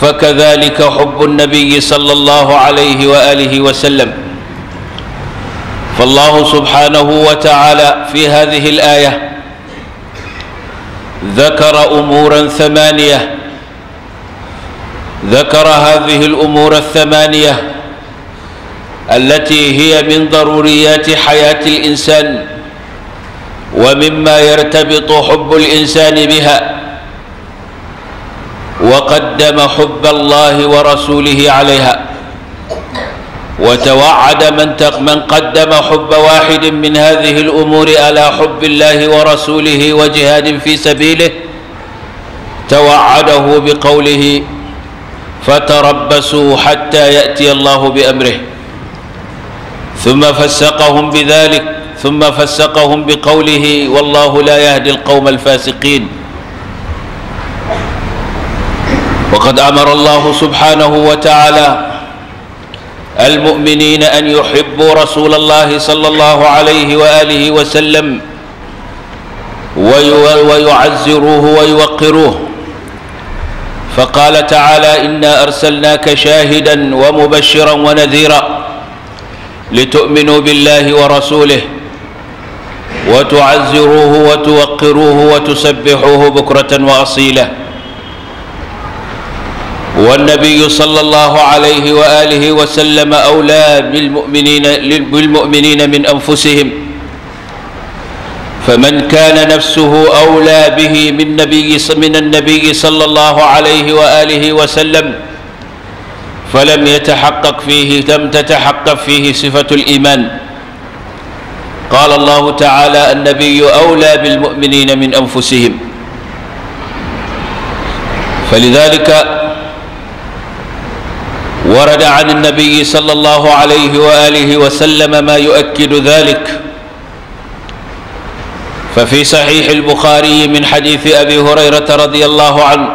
فكذلك حب النبي صلى الله عليه واله وسلم فالله سبحانه وتعالى في هذه الايه ذكر امورا ثمانيه ذكر هذه الامور الثمانيه التي هي من ضروريات حياه الانسان ومما يرتبط حب الانسان بها وقدم حب الله ورسوله عليها وتوعد من من قدم حب واحد من هذه الأمور على حب الله ورسوله وجهاد في سبيله توعده بقوله فتربصوا حتى يأتي الله بأمره ثم فسقهم بذلك ثم فسقهم بقوله والله لا يهدي القوم الفاسقين وقد امر الله سبحانه وتعالى المؤمنين ان يحبوا رسول الله صلى الله عليه واله وسلم ويعزروه ويوقروه فقال تعالى انا ارسلناك شاهدا ومبشرا ونذيرا لتؤمنوا بالله ورسوله وتعزروه وتوقروه وتسبحوه بكره واصيله والنبي صلى الله عليه وآله وسلم أولى بالمؤمنين, بالمؤمنين من أنفسهم فمن كان نفسه أولى به من, نبي من النبي صلى الله عليه وآله وسلم فلم يتحقق فيه لم تتحقق فيه صفة الإيمان قال الله تعالى النبي أولى بالمؤمنين من أنفسهم فلذلك ورد عن النبي صلى الله عليه واله وسلم ما يؤكد ذلك ففي صحيح البخاري من حديث ابي هريره رضي الله عنه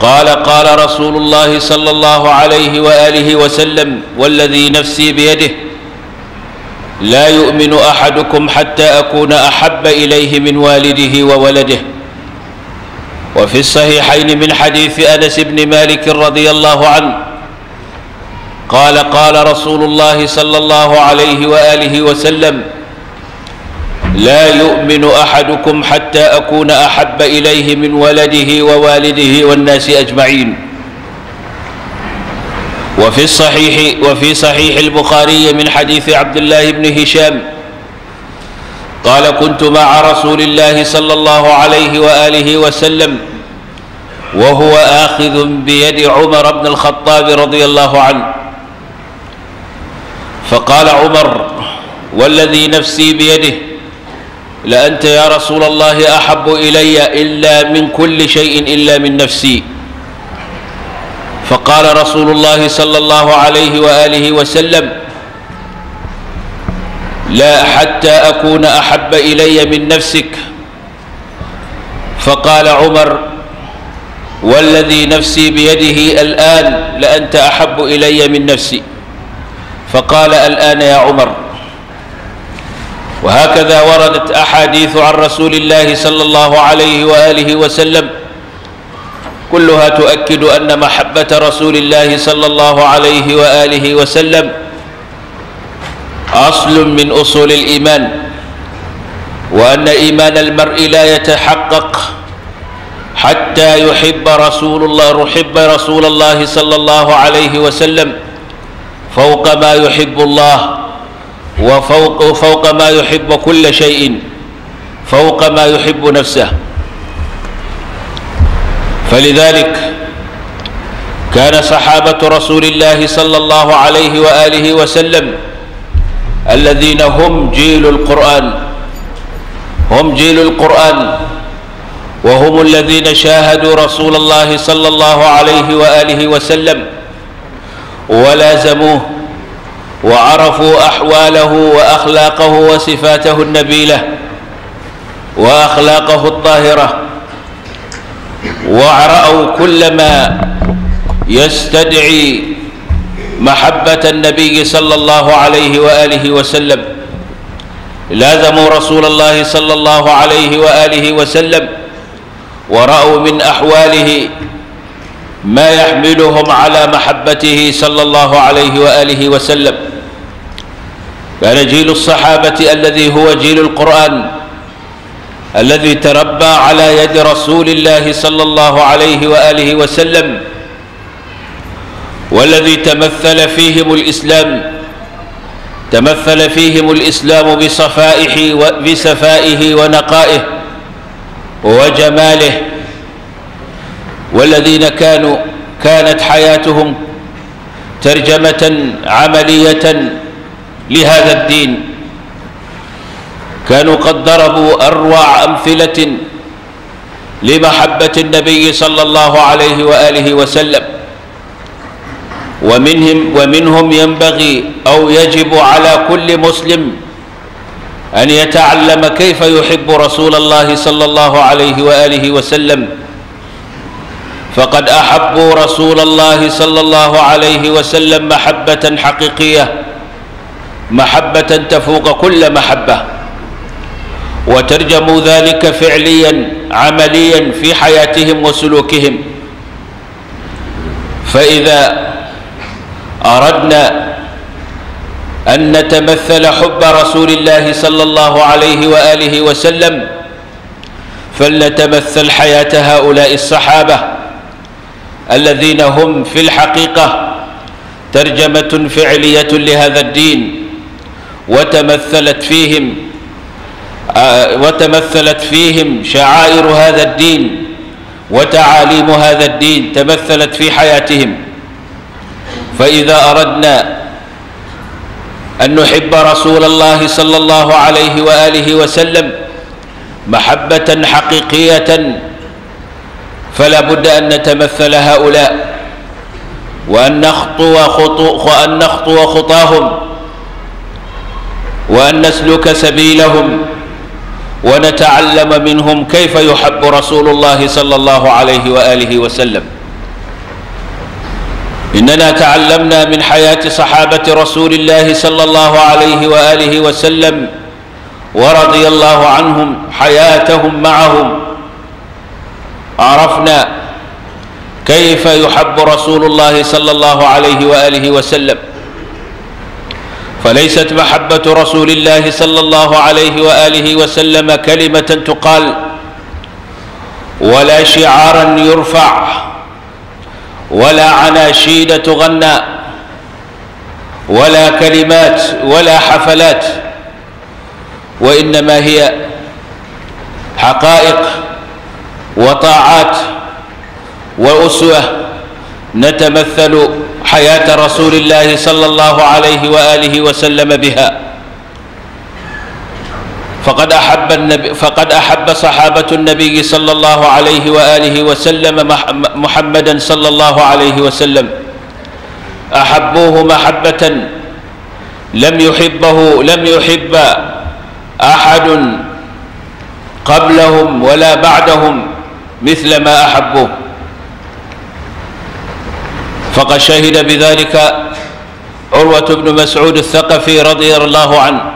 قال قال رسول الله صلى الله عليه واله وسلم والذي نفسي بيده لا يؤمن احدكم حتى اكون احب اليه من والده وولده وفي الصحيحين من حديث أنس بن مالك رضي الله عنه قال قال رسول الله صلى الله عليه وآله وسلم لا يؤمن أحدكم حتى أكون أحب إليه من ولده ووالده والناس أجمعين وفي الصحيح وفي صحيح البخاري من حديث عبد الله بن هشام قال كنت مع رسول الله صلى الله عليه واله وسلم وهو آخذ بيد عمر بن الخطاب رضي الله عنه فقال عمر والذي نفسي بيده لأنت يا رسول الله أحب إلي إلا من كل شيء إلا من نفسي فقال رسول الله صلى الله عليه وآله وسلم لا حتى أكون أحب إلي من نفسك فقال عمر والذي نفسي بيده الآن لأنت أحب إلي من نفسي فقال الآن يا عمر وهكذا وردت أحاديث عن رسول الله صلى الله عليه وآله وسلم كلها تؤكد أن محبة رسول الله صلى الله عليه وآله وسلم أصل من أصول الإيمان وأن إيمان المرء لا يتحقق حتى يحب رسول الله يحب رسول الله صلى الله عليه وسلم فوق ما يحب الله وفوق فوق ما يحب كل شيء فوق ما يحب نفسه فلذلك كان صحابة رسول الله صلى الله عليه وآله وسلم الذين هم جيل القرآن هم جيل القرآن وهم الذين شاهدوا رسول الله صلى الله عليه وآله وسلم ولازموه وعرفوا أحواله وأخلاقه وصفاته النبيلة وأخلاقه الطاهرة ورأوا كل ما يستدعي محبة النبي صلى الله عليه وآله وسلم لازموا رسول الله صلى الله عليه وآله وسلم ورأوا من أحواله ما يحملهم على محبته صلى الله عليه وآله وسلم كان جيل الصحابة الذي هو جيل القرآن الذي تربى على يد رسول الله صلى الله عليه وآله وسلم والذي تمثل فيهم الإسلام تمثل فيهم الإسلام بصفائه بسفائه ونقائه وجماله والذين كانوا كانت حياتهم ترجمة عملية لهذا الدين كانوا قد ضربوا أروع أمثلة لمحبة النبي صلى الله عليه وآله وسلم ومنهم ومنهم ينبغي أو يجب على كل مسلم أن يتعلم كيف يحب رسول الله صلى الله عليه وآله وسلم فقد أحبوا رسول الله صلى الله عليه وسلم محبة حقيقية محبة تفوق كل محبة وترجموا ذلك فعليا عمليا في حياتهم وسلوكهم فإذا أردنا أن نتمثل حب رسول الله صلى الله عليه وآله وسلم فلنتمثل حياة هؤلاء الصحابة الذين هم في الحقيقة ترجمة فعلية لهذا الدين وتمثلت فيهم آه، وتمثلت فيهم شعائر هذا الدين وتعاليم هذا الدين تمثلت في حياتهم فإذا أردنا أن نحب رسول الله صلى الله عليه وآله وسلم محبة حقيقية فلا بد أن نتمثل هؤلاء وأن نخطو, خطو وأن نخطو خطاهم وأن نسلك سبيلهم ونتعلم منهم كيف يحب رسول الله صلى الله عليه وآله وسلم إننا تعلمنا من حياة صحابة رسول الله صلى الله عليه وآله وسلم ورضي الله عنهم حياتهم معهم عرفنا كيف يحب رسول الله صلى الله عليه وآله وسلم فليست محبة رسول الله صلى الله عليه وآله وسلم كلمة تقال ولا شعارا يرفع ولا عناشيد تغنى ولا كلمات ولا حفلات وإنما هي حقائق وطاعات وأسوة نتمثل حياة رسول الله صلى الله عليه وآله وسلم بها فقد أحب, النبي فقد أحب صحابة النبي صلى الله عليه وآله وسلم محمدا صلى الله عليه وسلم أحبوه محبة لم يحبه لم يحب أحد قبلهم ولا بعدهم مثل ما أحبوه فقد شهد بذلك عروة بن مسعود الثقفي رضي الله عنه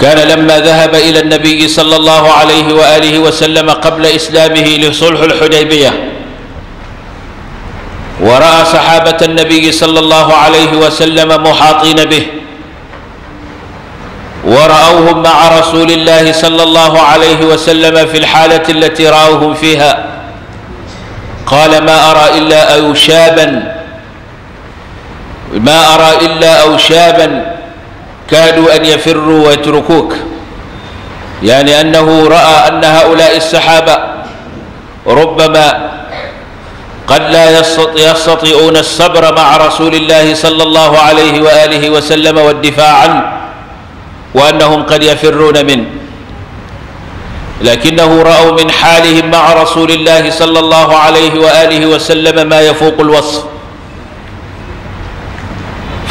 كان لما ذهب إلى النبي صلى الله عليه وآله وسلم قبل إسلامه لصلح الحديبية ورأى صحابة النبي صلى الله عليه وسلم محاطين به ورأوهم مع رسول الله صلى الله عليه وسلم في الحالة التي رأوهم فيها قال ما أرى إلا أوشابا ما أرى إلا أوشابا كادوا أن يفروا ويتركوك يعني أنه رأى أن هؤلاء السحابة ربما قد لا يستطيعون الصبر مع رسول الله صلى الله عليه وآله وسلم والدفاع عنه وأنهم قد يفرون منه لكنه رأوا من حالهم مع رسول الله صلى الله عليه وآله وسلم ما يفوق الوصف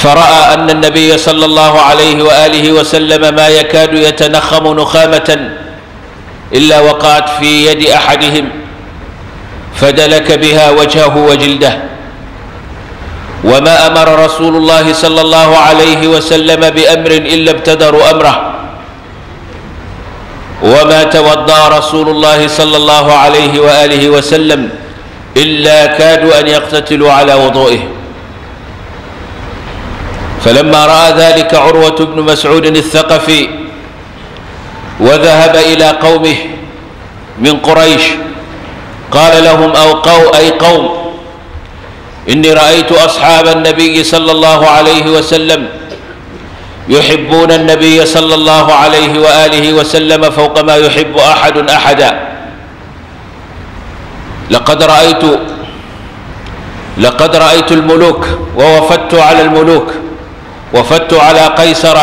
فرأى أن النبي صلى الله عليه وآله وسلم ما يكاد يتنخم نخامة إلا وقعت في يد أحدهم فدلك بها وجهه وجلده وما أمر رسول الله صلى الله عليه وسلم بأمر إلا ابتدروا أمره وما توضأ رسول الله صلى الله عليه وآله وسلم إلا كادوا أن يقتتلوا على وضوئه فلما راى ذلك عروه بن مسعود الثقفي وذهب الى قومه من قريش قال لهم أو قو اي قوم اني رايت اصحاب النبي صلى الله عليه وسلم يحبون النبي صلى الله عليه واله وسلم فوق ما يحب احد احدا لقد رايت لقد رايت الملوك ووفدت على الملوك وفدت على قيصر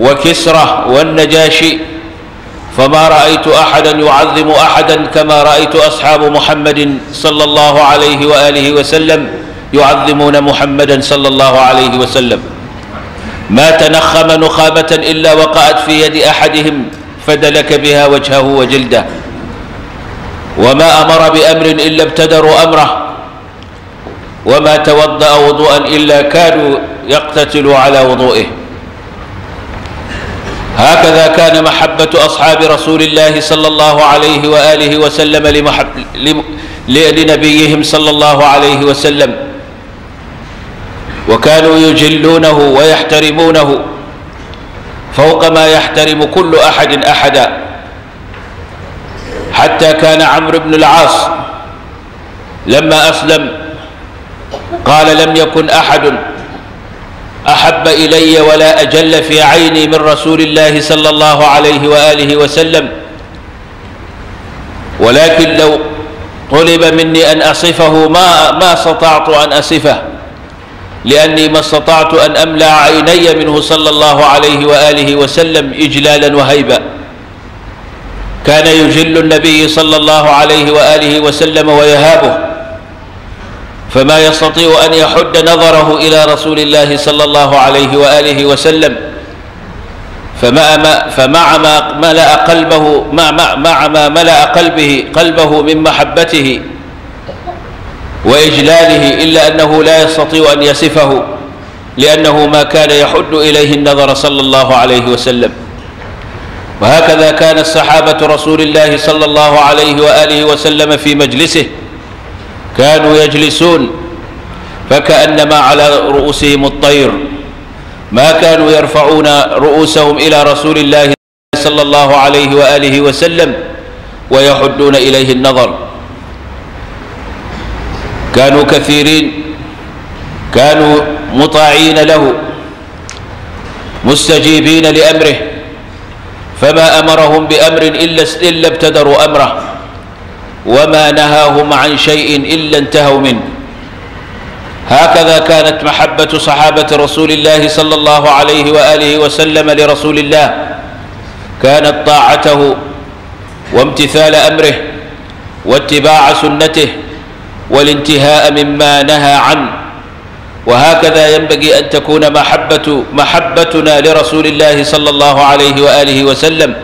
وكسرى والنجاشي فما رأيت أحدا يعظم أحدا كما رأيت أصحاب محمد صلى الله عليه وآله وسلم يعظمون محمدا صلى الله عليه وسلم ما تنخم نخامة إلا وقعت في يد أحدهم فدلك بها وجهه وجلده وما أمر بأمر إلا ابتدروا أمره وما توضأ وضوءا إلا كانوا يقتتل على وضوئه هكذا كان محبة أصحاب رسول الله صلى الله عليه وآله وسلم لمحب لنبيهم صلى الله عليه وسلم وكانوا يجلونه ويحترمونه فوق ما يحترم كل أحد أحدا حتى كان عمرو بن العاص لما أسلم قال لم يكن أحد احب الي ولا اجل في عيني من رسول الله صلى الله عليه واله وسلم ولكن لو طلب مني ان اصفه ما ما استطعت ان اصفه لاني ما استطعت ان املا عيني منه صلى الله عليه واله وسلم اجلالا وهيبا كان يجل النبي صلى الله عليه واله وسلم ويهابه فما يستطيع أن يحد نظره إلى رسول الله صلى الله عليه وآله وسلم فمع ما, فمع ما ملأ قلبه مع, ما مع ما ملأ قلبه قلبه من محبته وإجلاله إلا أنه لا يستطيع أن يصفه لأنه ما كان يحد إليه النظر صلى الله عليه وسلم وهكذا كان الصحابة رسول الله صلى الله عليه وآله وسلم في مجلسه كانوا يجلسون فكأنما على رؤوسهم الطير ما كانوا يرفعون رؤوسهم إلى رسول الله صلى الله عليه وآله وسلم ويحدون إليه النظر كانوا كثيرين كانوا مطاعين له مستجيبين لأمره فما أمرهم بأمر إلا, إلا ابتدروا أمره وما نهاهم عن شيء إلا انتهوا منه هكذا كانت محبة صحابة رسول الله صلى الله عليه وآله وسلم لرسول الله كانت طاعته وامتثال أمره واتباع سنته والانتهاء مما نهى عنه وهكذا ينبغي أن تكون محبة محبتنا لرسول الله صلى الله عليه وآله وسلم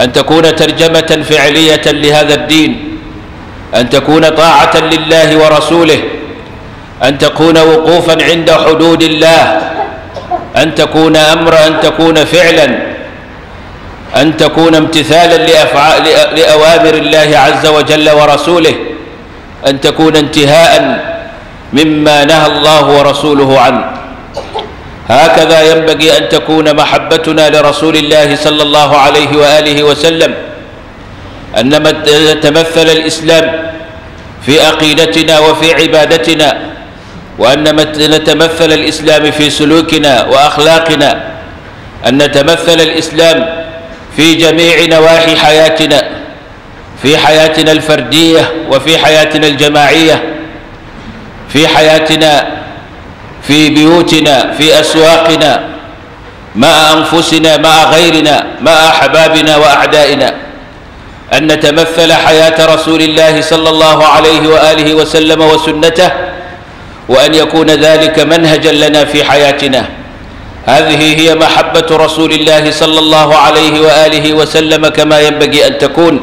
أن تكون ترجمة فعلية لهذا الدين أن تكون طاعة لله ورسوله أن تكون وقوفا عند حدود الله أن تكون أمرا أن تكون فعلا أن تكون امتثالا لأوامر الله عز وجل ورسوله أن تكون انتهاء مما نهى الله ورسوله عنه هكذا ينبغي ان تكون محبتنا لرسول الله صلى الله عليه واله وسلم انما تمثل الاسلام في عقيدتنا وفي عبادتنا وأنما نتمثل الاسلام في سلوكنا واخلاقنا ان نتمثل الاسلام في جميع نواحي حياتنا في حياتنا الفرديه وفي حياتنا الجماعيه في حياتنا في بيوتنا في أسواقنا مع أنفسنا مع غيرنا مع أحبابنا وأعدائنا أن نتمثل حياة رسول الله صلى الله عليه وآله وسلم وسنته وأن يكون ذلك منهجا لنا في حياتنا هذه هي محبة رسول الله صلى الله عليه وآله وسلم كما ينبغي أن تكون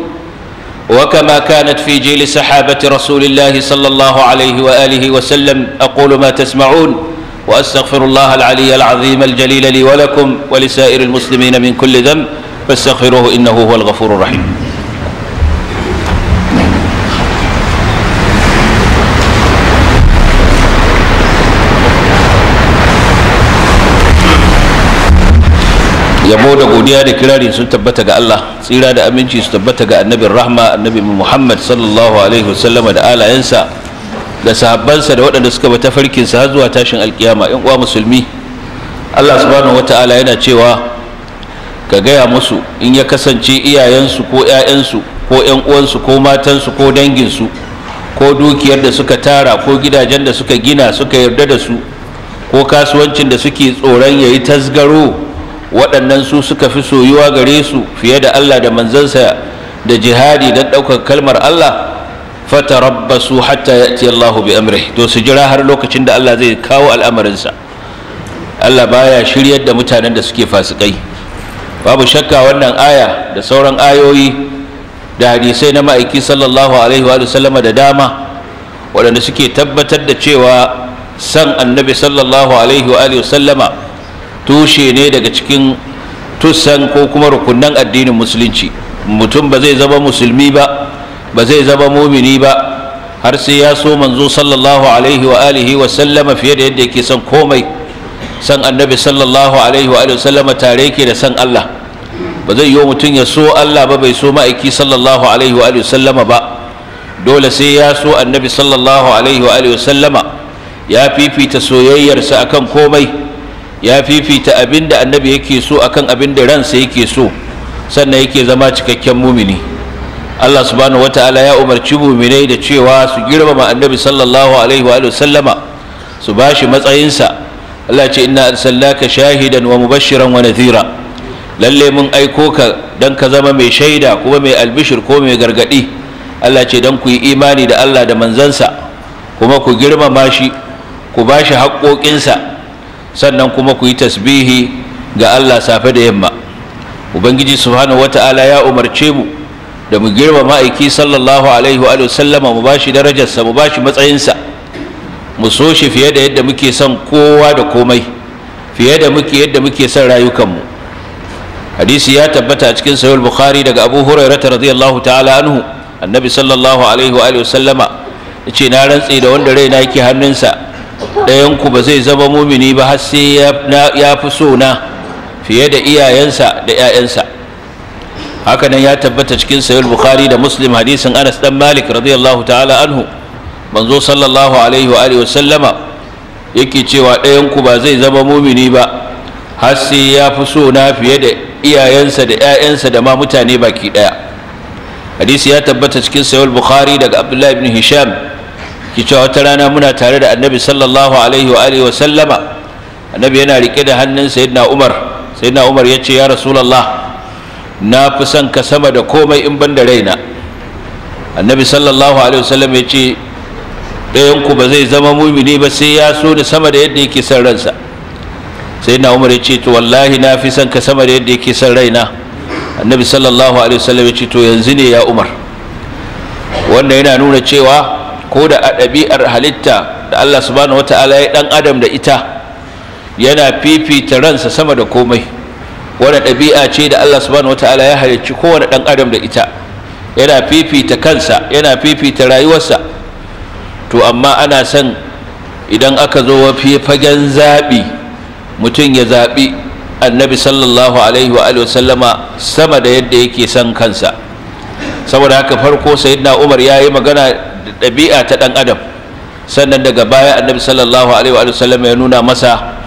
وكما كانت في جيل صحابة رسول الله صلى الله عليه وآله وسلم أقول ما تسمعون وأستغفر الله العلي العظيم الجليل لي ولكم ولسائر المسلمين من كل ذنب فاستغفروه إنه هو الغفور الرحيم yabo da godiya da kirari sun tabbata ga Allah tsira da aminci su tabbata ga annabin rahma annabin Muhammad sallallahu alaihi wasallama da alayensa da sahabbansa da waɗanda suka bata farkinsa har zuwa tashin alkiyama yan uwa musulmi Allah subhanahu wata'ala yana cewa ka gaya musu in ya kasance iyayensu ko 'ya'yansu ko 'yan uwansu ko matansu ko dangin su ko dukiyar da suka tara ko gidajen da suka gina suka yarda da su ko kasuwancin da suke tsoron ya yi tasgaro waɗannan su suka fi soyuwa gare su fiye da Allah da manzansa da jihadi don ɗaukar kalmar Allah fatarabbasu hatta ya'ti Allah bi amrih to su jira har lokacin da Allah zai kawo al'amarinsa Allah baya shiryar da mutanen da suke fasikai babu shakka wannan aya da sauran ayoyi da hadisai na ma'aiki sallallahu alaihi wa sallama da dama waɗanda suke tabbatar da cewa san annabi sallallahu alaihi wa sallama tushe ne daga cikin tussan ko kuma rukunan addinin musulunci mutum ba zai zama musulmi ba ba zai zama mumini ba har sai ya so manzo sallallahu alaihi wa alihi wa sallama fiye da yadda yake son komai san annabi sallallahu alaihi wa alihi wa sallama tare yake da san Allah ba zai yiwu mutum ya so Allah ba bai so ma'aiki sallallahu alaihi wa alihi wa sallama ba dole sai ya so annabi sallallahu alaihi wa alihi wa sallama ya fifita soyayyarsa akan komai ya fifita abin da annabi yake so akan abin da ransa yake so sannan yake zama cikakken mumini Allah subhanahu wataala ya umarci muminai da cewa su girmama annabi sallallahu alaihi wa sallama su bashi matsayinsa Allah ce inna arsalnaka shahidan wa mubashiran wa nadhira lalle mun aiko ka dan ka zama mai shaida kuma mai albishir ko mai gargadi Allah ce dan ku yi imani da Allah da manzansa kuma ku girmama shi ku bashi haƙoƙinsa sannan kuma ku yi tasbihi ga Allah safe da yamma ubangiji subhanahu wataala ya umarce mu da mu girma ma'aiki sallallahu alaihi wa sallama mu bashi darajarsa mu bashi matsayinsa mu so shi fiye da yadda muke son kowa da komai fiye da muke yadda muke son rayukanmu hadisi ya tabbata a cikin sahih bukhari daga abu hurairah radiyallahu ta'ala anhu annabi sallallahu alaihi wa sallama yace na rantse da wanda raina yake hannunsa ɗayan ku ba zai zama mumini ba har sai ya fi so na fiye da iyayensa da 'ya'yansa haka nan ya tabbata cikin sayar bukhari da muslim hadisin anas dan malik radiyallahu ta'ala anhu manzo sallallahu alaihi wa alihi wasallama yake cewa ɗayan ku ba zai zama mumini ba har sai ya fi so na fiye da iyayensa da ƴaƴansa da ma mutane baki ɗaya hadisi ya tabbata cikin sahih bukhari daga abdullahi ibn hisham ki cewa wata rana muna tare da annabi sallallahu alaihi wa alihi annabi yana rike da hannun sayyidina umar sayyidina umar ya ce ya rasulallah na fi son ka sama da komai in ban da raina annabi sallallahu alaihi wasallam ya ce ɗayanku ba zai zama mumini ba sai ya so da sama da yadda yake son ransa sai na umar ya ce to wallahi na fi son ka sama da yadda yake son raina annabi sallallahu alaihi wasallam ya ce to yanzu ne ya umar wanda yana nuna cewa ko da a ɗabi'ar halitta da allah subhanahu wataala ya ɗan adam da ita yana fifita ransa sama da komai wani ɗabi'a ce da Allah subhanahu wataala ya halicci kowane ɗan adam da ita yana fifita kansa yana fifita rayuwarsa to amma ana son idan aka zo fagen zaɓi mutum ya zaɓi annabi sallallahu alaihi wa sallama sama da yadda yake son kansa saboda haka farko sayyidina umar ya yi magana da ɗabi'a ta ɗan adam sannan daga baya annabi sallallahu alaihi wa sallama ya nuna masa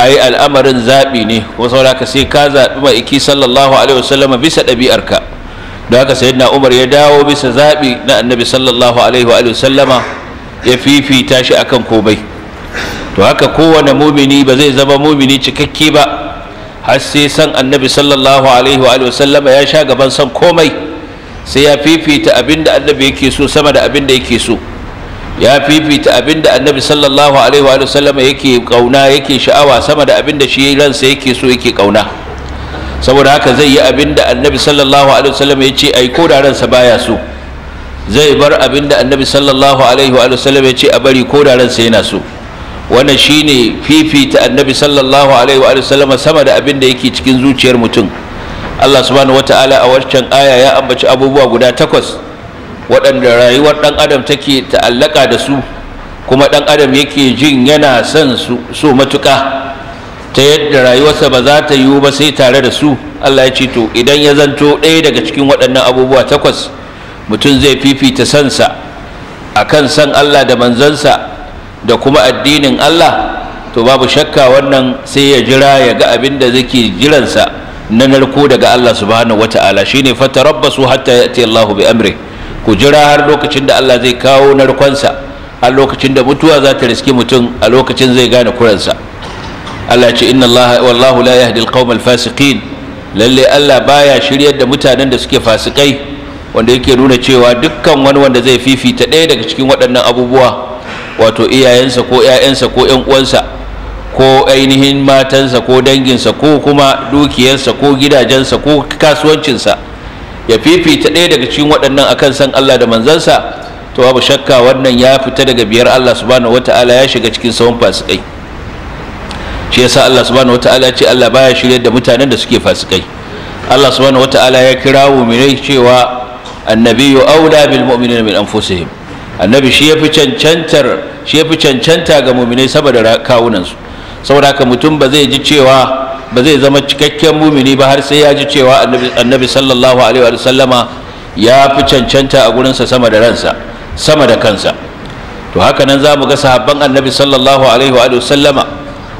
ai al'amarin zaɓi ne wasu haka sai ka zaɓi iki sallallahu alaihi wasallama bisa ɗabi'arka da haka sayyidina umar ya dawo bisa zaɓi na annabi sallallahu alaihi wasallama ya fifita shi akan komai to haka kowane mumini ba zai zama mumini cikakke ba har sai san annabi sallallahu alaihi wasallama ya sha gaban san komai sai ya fifita abin da annabi yake so sama da abin da yake so ya fifita abinda annabi sallallahu alaihi wa sallam yake kauna yake sha'awa sama da abinda shi ransa yake so yake kauna saboda haka zai yi abinda annabi sallallahu alaihi wa sallam ya ce ai ko da ransa baya so zai bar abinda annabi sallallahu alaihi wa sallam ya ce a bari ko da ransa yana so wannan shine fifita annabi sallallahu alaihi wa sallam sama da abinda yake cikin zuciyar mutum Allah subhanahu wataala a wancan aya ya ambaci abubuwa guda takwas waɗanda rayuwar ɗan adam take ta'allaka da su kuma ɗan adam yake jin yana son so matuƙa ta yadda rayuwarsa ba za ta yiwu ba sai tare da su allah ya ce to idan ya zanto ɗaya daga cikin waɗannan abubuwa takwas mutum zai fifita sansa a kan san allah da manzansa da kuma addinin allah to babu shakka wannan sai ya jira ya ga abin da zai jiransa na narko daga allah subhanahu wata'ala shine fatarabbasu hatta ati allahu bi amri ku jira har lokacin da Allah zai kawo narkonsa a lokacin da mutuwa za ta riski mutum a lokacin zai gane kuransa Allah ce inna Allah wallahu la yahdi alqawm alfasiqin lalle Allah baya shiryar da mutanen da suke fasikai wanda yake nuna cewa dukkan wani wanda zai fifita ɗaya daga cikin waɗannan abubuwa wato iyayensa ko ƴaƴansa ko ƴan uwansa ko ainihin matansa ko danginsa ko kuma dukiyarsa ko gidajensa ko kasuwancinsa ya fifita ɗaya daga cikin waɗannan akan san Allah da manzansa to babu shakka wannan ya fita daga biyar Allah subhanahu wata'ala ya shiga cikin sawun fasikai shi yasa Allah subhanahu wata'ala ya ce Allah baya shirye da mutanen da suke fasikai Allah subhanahu wata'ala ya kira mu'minai cewa annabiyyu aula bil mu'minina min anfusihim annabi shi yafi cancantar shi yafi cancanta ga mu'minai saboda kawunan su saboda haka mutum ba zai ji cewa ba zai zama cikakken mumini ba har sai ya ji cewa annabi sallallahu alaihi wa sallama ya fi cancanta a gurinsa sama da ransa sama da kansa to haka nan za mu ga sahabban annabi sallallahu alaihi wa sallama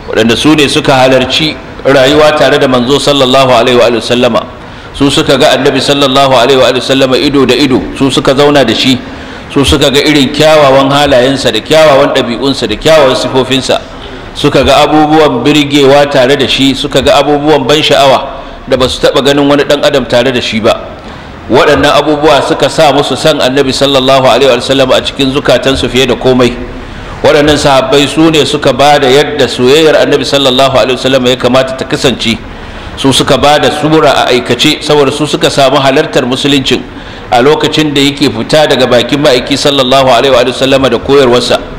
waɗanda su ne suka halarci rayuwa tare da manzo sallallahu alaihi wa sallama su suka ga annabi sallallahu alaihi wa sallama ido da ido su suka zauna da shi su suka ga irin kyawawan halayensa da kyawawan ɗabi'unsa da kyawawan sifofinsa suka ga abubuwan birgewa tare da shi suka ga abubuwan ban sha'awa da ba su taɓa ganin wani ɗan adam tare da shi ba waɗannan abubuwa suka sa musu san annabi sallallahu alaihi wasallam a cikin zukatansu fiye da komai waɗannan sahabbai su ne suka ba da yadda soyayyar annabi sallallahu alaihi wasallam ya kamata ta kasance su suka ba da sura a aikace saboda su suka samu halartar musuluncin a lokacin da yake fita daga bakin ma'aiki sallallahu alaihi wasallam da koyarwarsa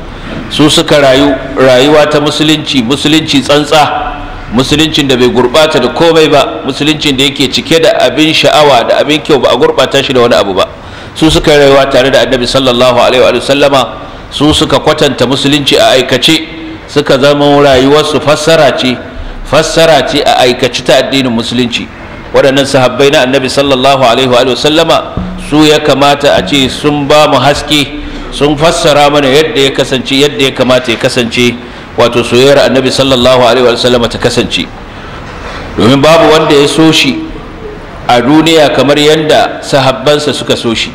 su suka rayu rayuwa ta musulunci musulunci tsantsa musuluncin da bai gurbata da komai ba musuluncin da yake cike da abin sha'awa da abin kyau ba a gurbata shi da wani abu ba su suka rayuwa tare da annabi sallallahu alaihi wa sallama su suka kwatanta musulunci a aikace suka zama rayuwarsu fassara ce fassara ce a aikace ta addinin musulunci waɗannan sahabbai na annabi sallallahu alaihi wa sallama su ya kamata a ce sun ba mu haske sun fassara mana yadda ya kasance yadda ya kamata ya kasance wato soyayyar annabi sallallahu alaihi wasallam ta kasance domin babu wanda ya so shi a duniya kamar yadda sahabbansa suka so shi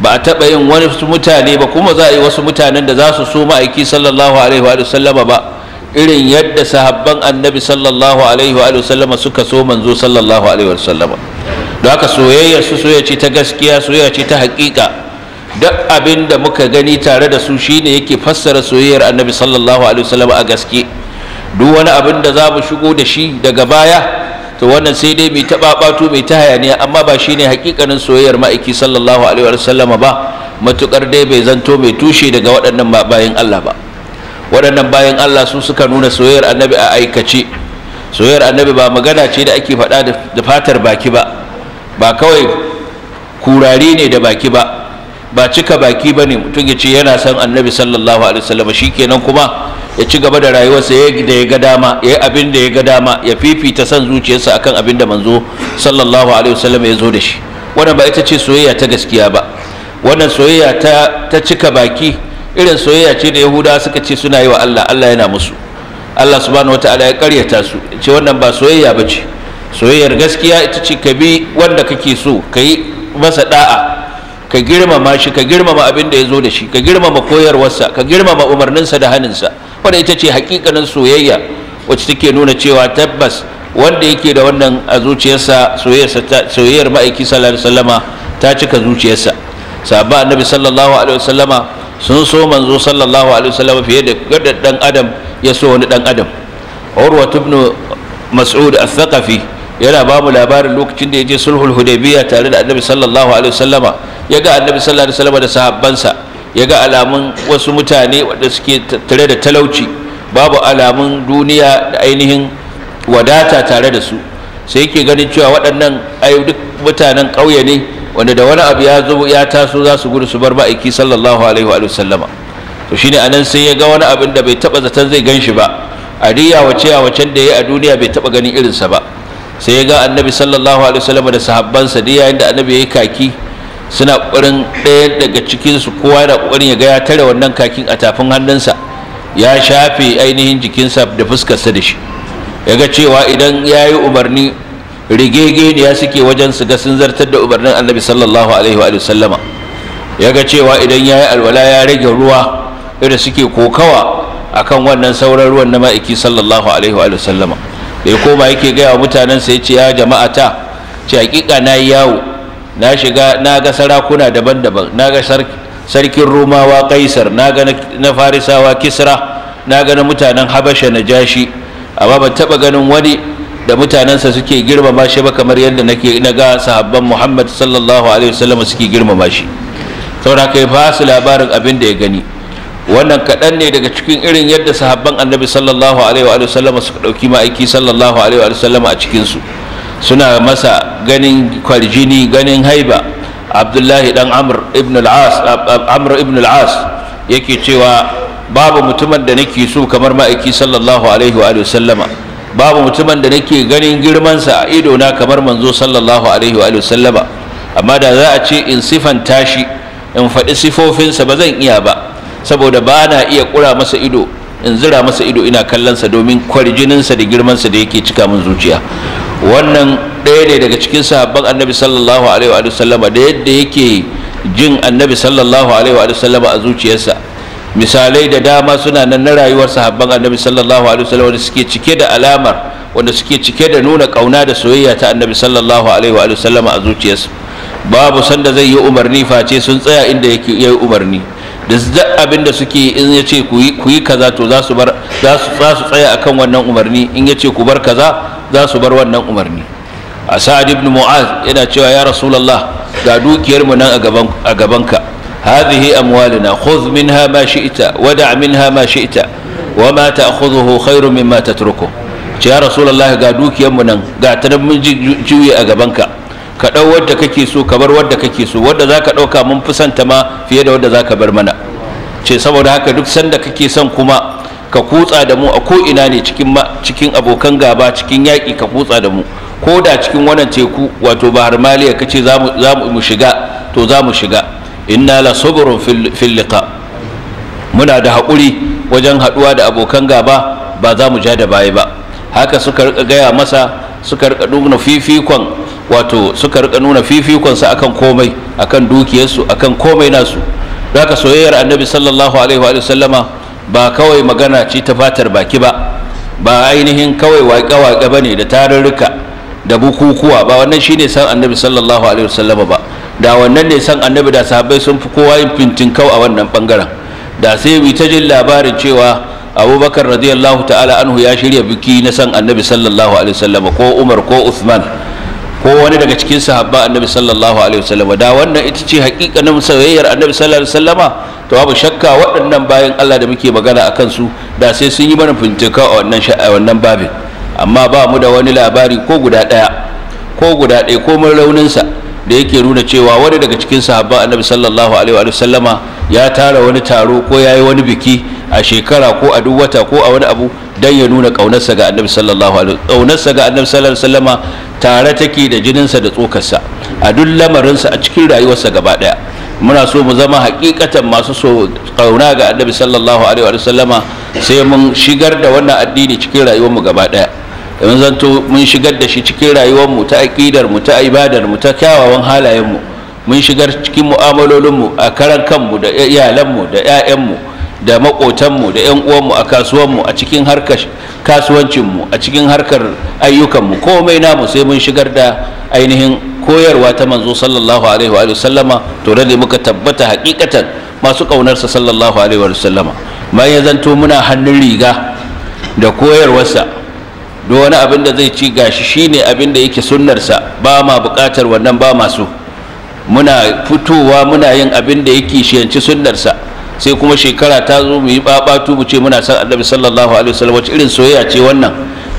ba a taɓa yin wani mutane ba kuma za a yi wasu mutanen da za su so ma'aiki sallallahu alaihi wa sallama ba irin yadda sahabban annabi sallallahu alaihi wa suka so manzo sallallahu alaihi don haka soyayyar su soyayya ce ta gaskiya soyayya ce ta haƙiƙa duk abin da muka gani tare da su shine yake fassara soyayyar annabi sallallahu alaihi wasallam a gaske duk wani abin da za mu shigo da shi daga baya to wannan sai dai mai taɓaɓato mai ta hayaniya amma ba shine hakikanin soyayyar ma'aiki sallallahu alaihi wasallam ba matukar dai bai zanto mai tushe daga waɗannan bayan Allah ba waɗannan bayan Allah su suka nuna soyayyar annabi a aikace soyayyar annabi ba magana ce da ake faɗa da fatar baki ba ba kawai kurari ne da baki ba ba cika baki ba ne mutum ya ce yana son annabi sallallahu alaihi wasallam kenan kuma ya ci gaba da rayuwarsa ya da ya ga dama ya yi abin da ya ga dama ya fifita son zuciyarsa akan abin da manzo sallallahu alaihi wasallam ya zo da shi wannan ba ita ce soyayya ta gaskiya ba wannan soyayya ta ta cika baki irin soyayya ce da yahudawa suka ce suna yi wa Allah Allah yana musu Allah subhanahu wataala ya karyata su ce wannan ba soyayya ba ce soyayyar gaskiya ita ce ka bi wanda kake so ka yi masa da'a ka girmama shi ka girmama abin da ya zo da shi ka girmama koyarwarsa ka girmama umarninsa da haninsa wanda ita ce hakikanin soyayya wacce take nuna cewa tabbas wanda yake da wannan a zuciyarsa soyayyar ma'aiki sallallahu salama ta cika zuciyarsa sabba annabi sallallahu alaihi wasallama sun so manzo sallallahu alaihi wasallama fiye da gaddan dan adam ya so wani dan adam urwa ibn mas'ud al-thaqafi yana ba labarin lokacin da ya je sulhul hudaybiya tare da annabi sallallahu alaihi wasallama ya ga annabi sallallahu alaihi wasallam da sahabbansa ya ga alamun wasu mutane wanda suke tare da talauci babu alamun duniya da ainihin wadata tare da su sai yake ganin cewa waɗannan ayu duk mutanen ƙauye ne wanda da wani abu ya zo ya taso za su gudu su bar ma'aiki sallallahu alaihi wa sallama to shine anan sai ya ga wani abin da bai taba zaton zai gan shi ba a riya wace a wacen da ya a duniya bai taba ganin irinsa ba sai ya ga annabi sallallahu alaihi wa sallam da sahabbansa da yayin da annabi yayi kaki suna ƙurin ɗaya daga cikinsu kowa yana ƙurin ya ga tare wannan kakin a tafin hannunsa ya shafe ainihin jikinsa da fuskarsa da shi ya ga cewa idan ya yi umarni rigege ne ya suke wajen su ga sun zartar da umarnin annabi sallallahu alaihi wa sallama ya ga cewa idan ya yi alwala ya rage ruwa irin suke kokawa akan wannan sauran ruwan na ma'aiki sallallahu alaihi wa sallama bai koma yake gaya wa mutanensa ya ce ya jama'a ta ce hakika na yi yawo na shiga na ga sarakuna daban-daban na ga sarkin romawa kaisar na ga na farisawa kisra na ga na mutanen habasha na jashi amma ban taɓa ganin wani da mutanensa suke girmama shi ba kamar yadda nake na ga sahabban muhammad sallallahu alaihi wasallam suke girmama shi saboda kai ba su labarin abin da ya gani wannan kaɗan ne daga cikin irin yadda sahabban annabi sallallahu alaihi wa suka ɗauki ma'aiki sallallahu alaihi wa a cikinsu suna masa ganin kwarjini ganin haiba abdullahi dan amr ibn al amr ibn yake cewa babu mutumin da nake so kamar ma'aiki sallallahu alaihi wa sallama babu mutumin da nake ganin girmansa a ido na kamar manzo sallallahu alaihi wa sallama amma da za a ce in sifanta shi in faɗi sifofinsa ba zan iya ba saboda ba na iya ƙura masa ido in zira masa ido ina kallonsa domin kwarjininsa da girmansa da yake cika min zuciya wannan ɗaya ne daga cikin sahabban annabi sallallahu alaihi wa sallama da yadda yake jin annabi sallallahu alaihi wa sallama a zuciyarsa misalai da dama suna nan na rayuwar sahabban annabi sallallahu alaihi wa sallama da suke cike da alamar wanda suke cike da nuna kauna da soyayya ta annabi sallallahu alaihi wa sallama a zuciyarsa babu sanda zai yi umarni face sun tsaya inda yake yi umarni da duk abin da suke in ya ce ku yi kaza to za su tsaya a kan wannan umarni in ya ce ku bar kaza za su bar wannan umarni a sa'ad ibn mu'az yana cewa ya rasulallah ga dukiyarmu nan a gabanka hadhihi amwaluna khudh minha ma shi'ta wada' minha ma shi'ta wa ma ta'khudhuhu khairun mimma tatruku ce ya rasulallah ga dukiyarmu nan ga ta mun juye a gabanka ka ɗau wadda kake so ka bar wadda kake so wadda za ka ɗauka mun fi santa ma fiye da wadda za ka bar mana ce saboda haka duk sanda kake son kuma ka kutsa da mu a ko ina ne cikin abokan gaba cikin yaƙi ka kutsa da mu ko da cikin wannan teku wato bahar maliya kace za mu shiga to za mu shiga inna la sabrun fil muna da hakuri wajen haɗuwa da abokan gaba ba za mu ja da baya ba haka suka rika gaya masa suka rika dubna fifikon wato suka rika nuna fifikonsa akan komai akan dukiyarsu akan komai nasu daga soyayyar annabi sallallahu alaihi wa sallama ba kawai magana ci ta fatar baki ba ba ainihin kawai waƙe-waƙe ba da tarurruka da bukukuwa ba wannan shine san annabi sallallahu alaihi wa sallama ba da wannan ne san annabi da sahabbai sun fi kowa yin fintin kau a wannan bangaren da sai mu ta jin labarin cewa abubakar radiyallahu ta'ala anhu ya shirya biki na san annabi sallallahu alaihi sallama ko umar ko Uthman. ko wani daga cikin sahabba annabi sallallahu alaihi wasallam da wannan ita ce haƙiƙa na soyayyar annabi sallallahu alaihi wasallama to babu shakka waɗannan bayan Allah da muke magana akan su da sai sun yi mana fintika a wannan wannan babin amma ba mu da wani labari ko guda ɗaya ko guda ɗaya ko mun raunin sa da yake nuna cewa wani daga cikin sahabban annabi sallallahu alaihi wa sallama ya tara wani taro ko ya yi wani biki a shekara ko a duk wata ko a wani abu don ya nuna kaunarsa ga annabi sallallahu alaihi kaunarsa ga annabi sallallahu alaihi sallama tare take da jininsa da tsokarsa a duk lamarinsa a cikin rayuwarsa gaba ɗaya muna so mu zama hakikatan masu so kauna ga annabi sallallahu alaihi wa sallama sai mun shigar da wannan addini cikin rayuwarmu gaba ɗaya zan zanto mun shigar da shi cikin rayuwar mu ta aƙidar mu ta ibadar mu ta kyawawan halayen mu mun shigar cikin mu'amalolinmu a karan kanmu da iyalanmu da 'ya'yanmu da maƙotanmu da 'yan uwanmu a kasuwanmu a cikin harkar kasuwancinmu a cikin harkar ayyukanmu komai namu sai mun shigar da ainihin koyarwa ta manzo sallallahu alaihi wa sallama to da muka tabbata hakikatan masu ƙaunarsa sallallahu alaihi wa sallama bayan zanto muna hannun riga da koyarwarsa duk wani abin da zai ci gashi shine abin da yake sunnarsa ba ma buƙatar wannan ba masu muna fitowa muna yin abin da yake shiyanci sunnarsa sai kuma shekara ta zo mu yi babatu mu ce muna san annabi sallallahu alaihi wasallam wace irin soyayya ce wannan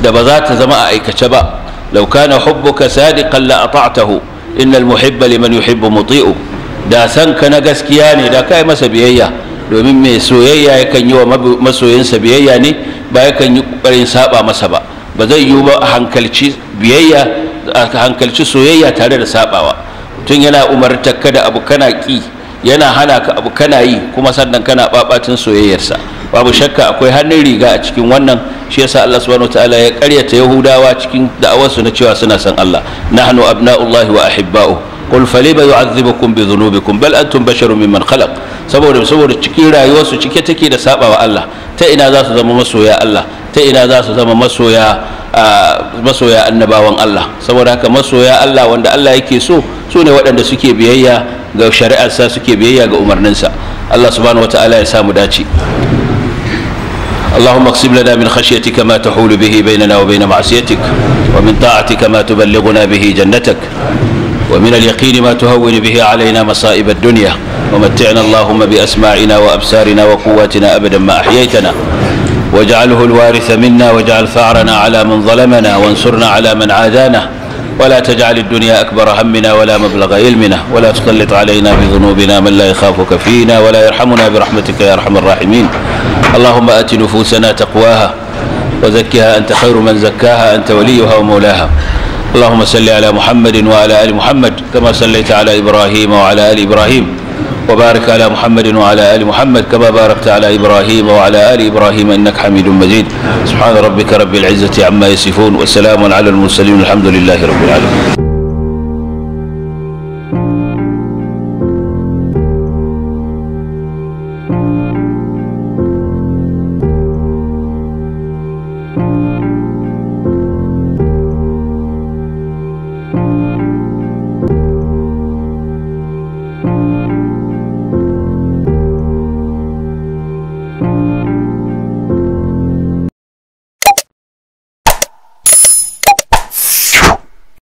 da ba za ta zama a aikace ba law kana hubbuka sadiqan la ata'tahu innal muhibba liman yuhibbu muti'u da san ka na gaskiya ne da kai masa biyayya domin mai soyayya yakan yi wa masoyinsa biyayya ne ba yakan yi kokarin saba masa ba ba zai yiwu ba hankalci biyayya hankalci soyayya tare da sabawa tun yana umartar ka da abu kana ki yana hana ka abu kana yi kuma sannan kana babatin soyayyarsa babu shakka akwai hannun riga a cikin wannan shi yasa Allah subhanahu wataala ya karyata yahudawa cikin su na cewa suna son Allah nahnu abna'ullahi wa ahibba'u qul falima yu'adhibukum bi dhunubikum bal antum basharun mimman khalaq saboda saboda cikin rayuwarsu cike take da sabawa Allah ta ina za su zama masoya Allah ta ina za su zama masoya masoya annabawan Allah saboda haka masoya Allah wanda Allah yake so su ne waɗanda suke biyayya ga shari'arsa suke biyayya ga umarninsa Allah subhanahu wataala ya samu dace اللهم اقسم لنا من خشيتك ما تحول به بيننا وبين معصيتك ومن طاعتك ما تبلغنا به جنتك ومن اليقين ما تهون به علينا مصائب الدنيا ومتعنا اللهم بأسماعنا وأبصارنا وقواتنا أبدا ما أحييتنا واجعله الوارث منا واجعل ثأرنا على من ظلمنا وانصرنا على من عادانا ولا تجعل الدنيا أكبر همنا ولا مبلغ علمنا ولا تسلط علينا بذنوبنا من لا يخافك فينا ولا يرحمنا برحمتك يا أرحم الراحمين اللهم آت نفوسنا تقواها وزكها أنت خير من زكاها أنت وليها ومولاها اللهم صل على محمد وعلى آل محمد كما صليت على إبراهيم وعلى آل إبراهيم وبارك على محمد وعلى آل محمد كما باركت على إبراهيم وعلى آل إبراهيم إنك حميد مجيد سبحان ربك رب العزة عما يصفون وسلام على المرسلين الحمد لله رب العالمين